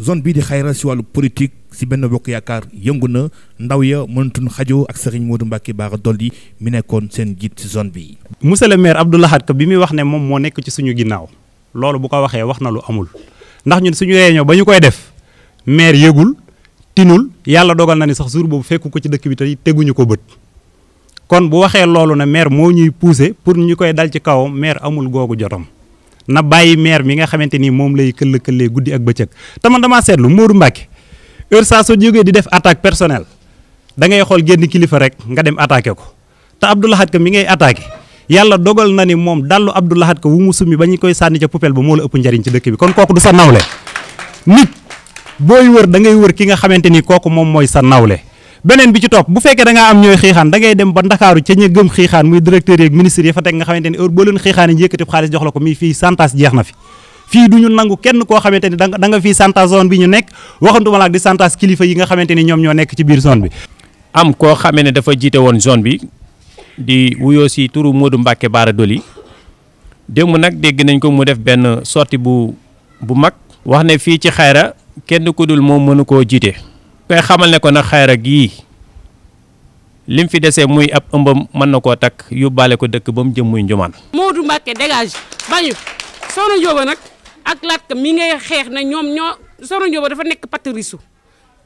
zone bii di xayra si wàllu politique si benn bokk yaakaar yëngu na ndaw ya mënatuñ xajoo ak saxiñ Serigne Modou Mbacke Bara Dolly mu nekkoon seen jiit ci zone bi monsieur le maire Abdou Lahad Ka bi muy wax ne moom moo nekk ci suñu ginnaaw loolu bu ko waxee wax na lu amul ndax ñun suñu réunion ba ñu koy def maire yëgul tinul yàlla dogal na ni sax jour boobu fekku ko ci dëkk bi tey teguñu ko bët kon bu waxee loolu ne maire moo ñuy poussé pour ñu koy dal ci kawam maire amul googu jotam na bàyyi meer mi nga xamante ni moom lay këll këllee guddi ak bëccëg te man seetlu Modou Mbacke heure saa soo jógee di def attaque personnel dangay ngay xool génn kilifa rek nga dem attaqué ko te Abdou Lahad Ka mi ngay attaqué yàlla dogal na ni moom dallu Abdou Lahad Ka wu mu summi ba ñu koy sànni ca poubelle ba moo la ëpp njariñ ci dëkk bi kon kooku du sa nawle nit booy wër da ngay wër ki nga xamante ni kooku moom mooy sa nawle beneen bi ci topp bu fekkee da am ñooy xiixaan dangay dem ba ndakaaru ca ña gëm xiixaan muy directeur yeeg ministre yi fa teg nga xamante ni heure boo leen xiixaan yi yëkkati xaalis jox ko mii fii santas jeex na fi fii du ñu nangu kenn koo xamante ni da nga da nga fii santas zone bi ñu nekk waxantuma la ak di santas kilifa yi nga xamante ni ñoom ñoo nekk ci biir zone bi am koo xamee ne dafa jiite woon zone bi di wuyoo si turu Modou Mbacke Baara Doli nag dégg nañ ko mu def benn sortie bu bu mag wax ne fii ci xayra kenn ku dul moom mënu koo jiite koy xamal ne ko nag xayra gii li mu fi desee muy ab ëmbam mën na koo takk yóbbaale ko dëkk ba mu jëm muy njumaan. du Mbacke dégage bañu Soxna Njóoba nag ak laat ka mi ngay xeex na ñoom ñoo Soxna Njóoba dafa nekk patrisu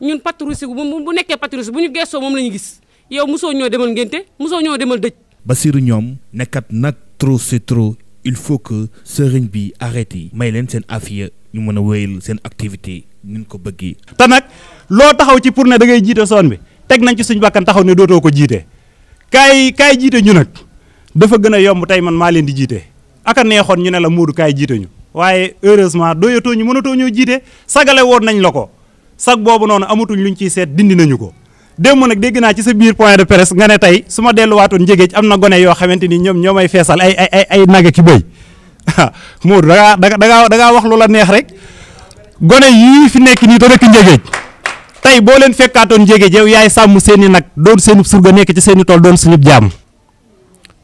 ñun patrisu bu bu nekkee patrisu bu ñu geesoo moom la ñu gis yow mosoo ñoo demal ngénte mosoo ñoo demal dëj. Basiru ñoom nekkat nag trop c'est trop. il faut que sëriñ bi arrêté may leen seen afiya ñu mën a wéyal seen activité ñu ko bëggee. te nag loo taxaw ci pour ne da ngay jiite soon bi teg nañ ci suñu bakkan taxaw ne dootoo ko jiite kaay kaay jiite ñu nag dafa gën a yomb tey man maa leen di jiite aka neexoon ñu ne la Moodu kaay jiite ñu waaye heureusement doyatoo ñu mënatoo ñoo jiite sagale woon nañ la ko sag boobu noonu amatuñ luñ ciy seet dindi nañu ko. démb nag dégg naa ci sa biir point de presse nga ne tey su ma delluwaatoon njëgéej am na gone yoo xamante ni ñoom ñoo may feesal ay ay ay ay nage ki bëy Modou da ngaa da wax lu la neex rek gone yii fi nekk nii te dëkk njëgéej tey boo leen fekkaatoon njëgéej yow yaay sàmm seen i nag doon seen surga nekk ci seen i tool doon suñu jàmm.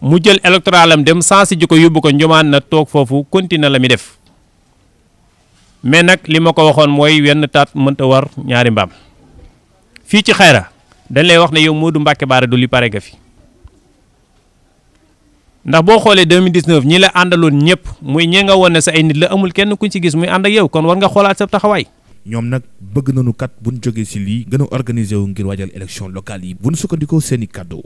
mu jël électoralam dem saa si ji ko yóbbu ko njomaan na toog foofu continué la mi def mais nag li ma ko waxoon mooy wenn taat mënta war ñaari mbaam fii ci xayra dañ lay wax ne yow Modou Mbacke Baara Dolly pare nga fi ndax boo xoolee 2019 ñi la àndaloon ñëpp muy ñi nga woon ne sa ay nit la amul kenn ku ci gis muy ànd ak yow kon war nga xoolaat sa taxawaay. ñoom nag bëgg nañu kat bu ñu jógee si lii gën a organiser wu ngir waajal élection locale yi bu ñu sukkandikoo seen i